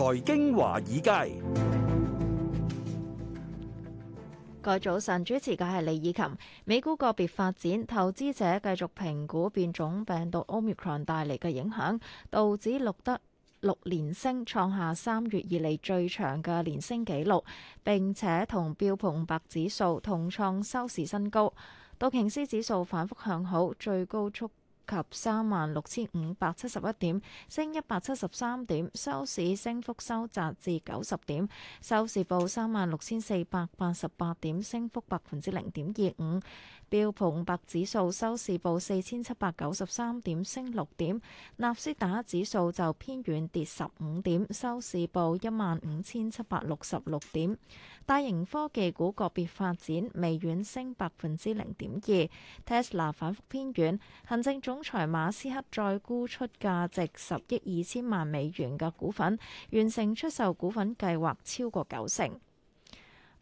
財經華爾街，各早晨主持嘅係李以琴。美股個別發展，投資者繼續評估變種病毒 Omicron 帶嚟嘅影響。道指錄得六連升，創下三月以嚟最長嘅連升紀錄，並且同標普五百指數同創收市新高。道瓊斯指數反覆向好，最高速。及三萬六千五百七十一點，升一百七十三點，收市升幅收窄至九十點。收市報三萬六千四百八十八點，升幅百分之零點二五。標普五百指數收市報四千七百九十三點，升六點。納斯達指數就偏遠跌十五點，收市報一萬五千七百六十六點。大型科技股個別發展，微軟升百分之零點二，Tesla 反覆偏遠，行政總剛才馬斯克再沽出價值十億二千萬美元嘅股份，完成出售股份計劃超過九成。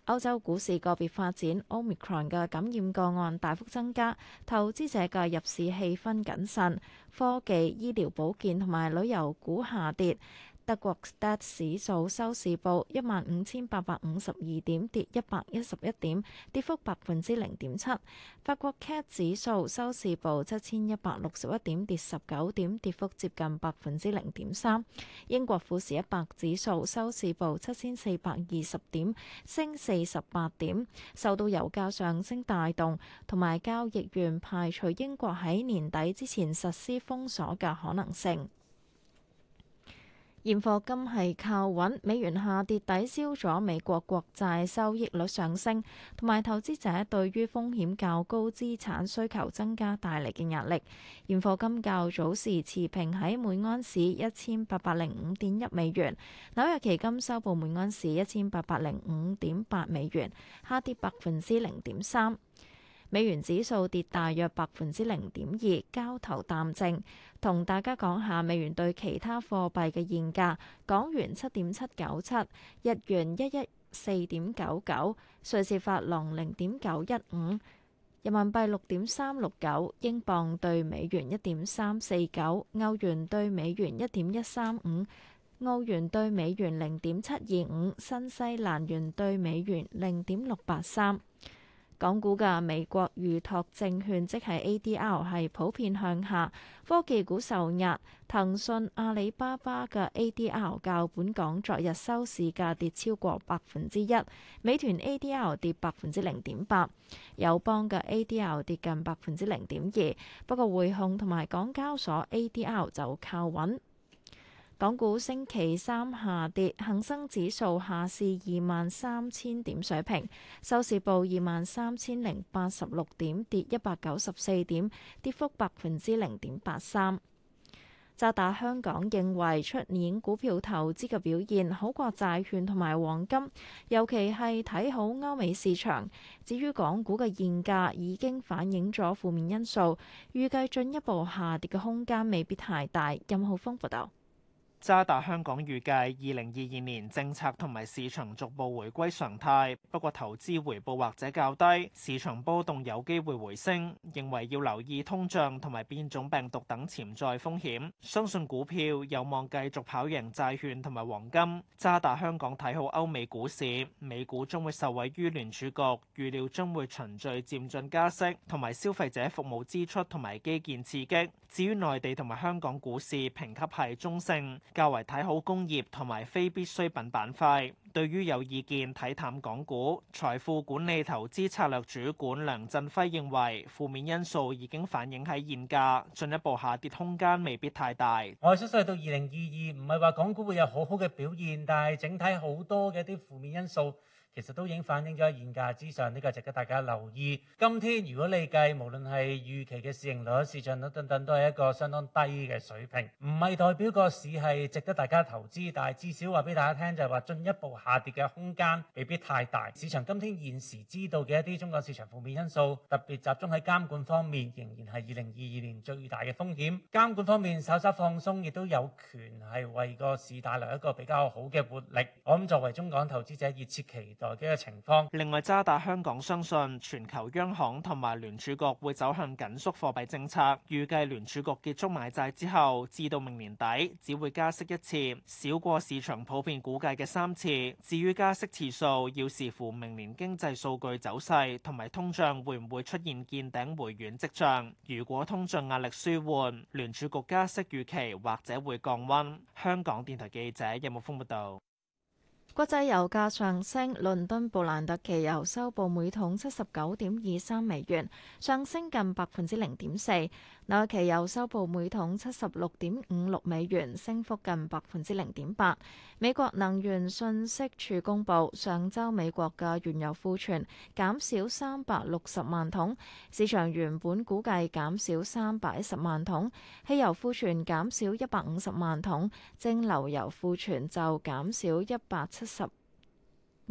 歐洲股市個別發展，Omicron 嘅感染個案大幅增加，投資者嘅入市氣氛謹慎，科技、醫療保健同埋旅遊股下跌。德國 DAX 指數收市報一萬五千八百五十二點，跌一百一十一點，跌幅百分之零點七。法國 CAC 指數收市報七千一百六十一點，跌十九點，跌幅接近百分之零點三。英國富時一百指數收市報七千四百二十點，升四十八點，受到油價上升帶動，同埋交易員排除英國喺年底之前實施封鎖嘅可能性。現貨金係靠穩，美元下跌抵消咗美國國債收益率上升，同埋投資者對於風險較高資產需求增加帶嚟嘅壓力。現貨金較早時持平喺每安士一千八百零五點一美元，紐約期金收報每安士一千八百零五點八美元，下跌百分之零點三。美元指數跌大約百分之零點二，交投淡靜。同大家講下美元對其他貨幣嘅現價：港元七點七九七，日元一一四點九九，瑞士法郎零點九一五，人民幣六點三六九，英鎊對美元一點三四九，歐元對美元一點一三五，澳元對美元零點七二五，新西蘭元對美元零點六八三。港股嘅美國預託證券即係 ADR 係普遍向下，科技股受壓，騰訊、阿里巴巴嘅 ADR 較本港昨日收市價跌超過百分之一，美團 ADR 跌百分之零點八，友邦嘅 ADR 跌近百分之零點二，不過匯控同埋港交所 ADR 就靠穩。港股星期三下跌，恒生指數下市二萬三千點水平，收市報二萬三千零八十六點，跌一百九十四點，跌幅百分之零點八三。渣打香港認為，出年股票投資嘅表現好過債券同埋黃金，尤其係睇好歐美市場。至於港股嘅現價已經反映咗負面因素，預計進一步下跌嘅空間未必太大。任浩峰報渣打香港預計二零二二年政策同埋市場逐步回歸常態，不過投資回報或者較低，市場波動有機會回升。認為要留意通脹同埋變種病毒等潛在風險，相信股票有望繼續跑贏債券同埋黃金。渣打香港睇好歐美股市，美股將會受惠於聯儲局，預料將會循序漸進加息，同埋消費者服務支出同埋基建刺激。至於內地同埋香港股市，評級係中性。較為睇好工業同埋非必需品板塊。對於有意見睇淡港股，財富管理投資策略主管梁振輝認為，負面因素已經反映喺現價，進一步下跌空間未必太大。我哋相信到二零二二，唔係話港股會有好好嘅表現，但係整體好多嘅啲負面因素，其實都已經反映咗現價之上，呢個值得大家留意。今天如果你計，無論係預期嘅市盈率、市場率等等，都係一個相當低嘅水平。唔係代表個市係值得大家投資，但係至少話俾大家聽就係話，進一步下跌嘅空間未必太大。市場今天現時知道嘅一啲中國市場負面因素，特別集中喺監管方面，仍然係二零二二年最大嘅風險。監管方面稍稍放鬆，亦都有權係為個市帶來一個比較好嘅活力。我諗作為中港投資者熱切期嘅情況，另外，渣打香港相信全球央行同埋聯儲局會走向緊縮貨幣政策。預計聯儲局結束買債之後至到明年底只會加息一次，少過市場普遍估計嘅三次。至於加息次數要視乎明年經濟數據走勢同埋通脹會唔會出現見頂回軟跡象。如果通脹壓力舒緩，聯儲局加息預期或者會降溫。香港電台記者任木峯報道。國際油價上升，倫敦布蘭特期油收報每桶七十九點二三美元，上升近百分之零點四；紐約期油收報每桶七十六點五六美元，升幅近百分之零點八。美國能源信息處公布，上周美國嘅原油庫存減少三百六十萬桶，市場原本估計減少三百一十萬桶；汽油庫存減少一百五十萬桶，蒸餾油庫存就減少一百七十萬桶。十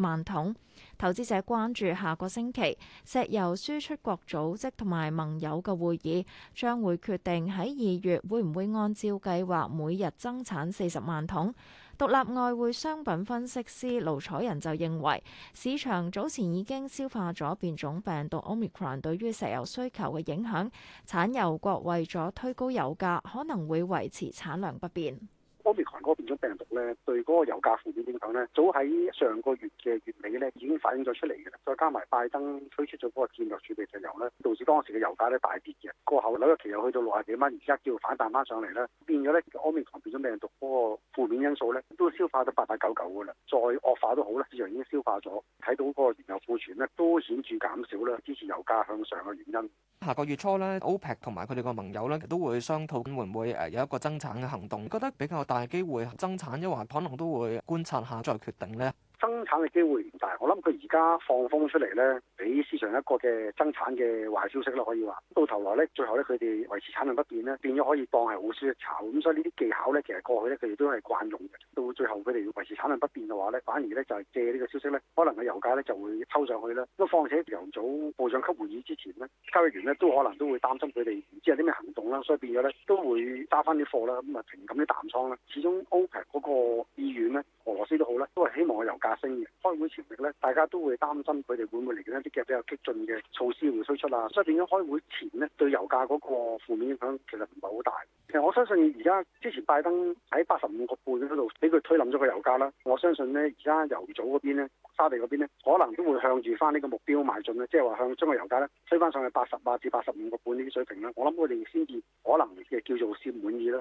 萬桶，投資者關注下個星期石油輸出國組織同埋盟友嘅會議，將會決定喺二月會唔會按照計劃每日增產四十萬桶。獨立外匯商品分析師盧彩仁就認為，市場早前已經消化咗變種病毒 Omicron 對於石油需求嘅影響，產油國為咗推高油價，可能會維持產量不變。奧密克戎嗰個變種病毒咧，對嗰個油價負面影響咧，早喺上個月嘅月尾咧已經反映咗出嚟嘅啦。再加埋拜登推出咗嗰個戰略儲備石油咧，導致當時嘅油價咧大跌嘅。過後紐約期又去到六十幾蚊，而家叫反彈翻上嚟咧，變咗咧奧密克戎變種病毒嗰個負面因素咧都消化得八八九九嘅啦。再惡化都好啦，市場已經消化咗，睇到嗰個原油庫存咧都顯著減少啦，支持油價向上嘅原因。下個月初呢，OPEC 同埋佢哋個盟友呢都會商討會唔會有一個增產嘅行動，覺得比較大機會增產，亦或可能都會觀察下再決定呢。增產嘅機會唔大，我諗佢而家放風出嚟咧，俾市場一個嘅增產嘅壞消息咯，可以話。到頭來咧，最後咧佢哋維持產量不變咧，變咗可以當係好消息炒。咁、嗯、所以呢啲技巧咧，其實過去咧佢哋都係慣用嘅。到最後佢哋維持產量不變嘅話咧，反而咧就係、是、借呢個消息咧，可能個油價咧就會抽上去啦。咁況且油組部長級會議之前呢，交易員咧都可能都會擔心佢哋唔知有啲咩行動啦，所以變咗咧都會揸翻啲貨啦，咁啊平緊啲淡倉啦。始終歐佩克嗰個意願咧，俄羅斯都好啦，都係希望個油上升嘅，開會前日咧，大家都會擔心佢哋會唔會嚟緊一啲嘅比較激進嘅措施會推出啊。所以變咗開會前呢，對油價嗰個負面影響其實唔係好大。其實我相信而家之前拜登喺八十五個半嗰度俾佢推冧咗個油價啦。我相信呢，而家油組嗰邊咧、沙地嗰邊咧，可能都會向住翻呢個目標邁進啊，即係話向將個油價咧推翻上去八十八至八十五個半呢啲水平啦。我諗佢哋先至可能嘅叫做先滿意啦。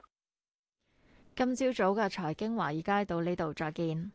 今朝早嘅財經華爾街到呢度再見。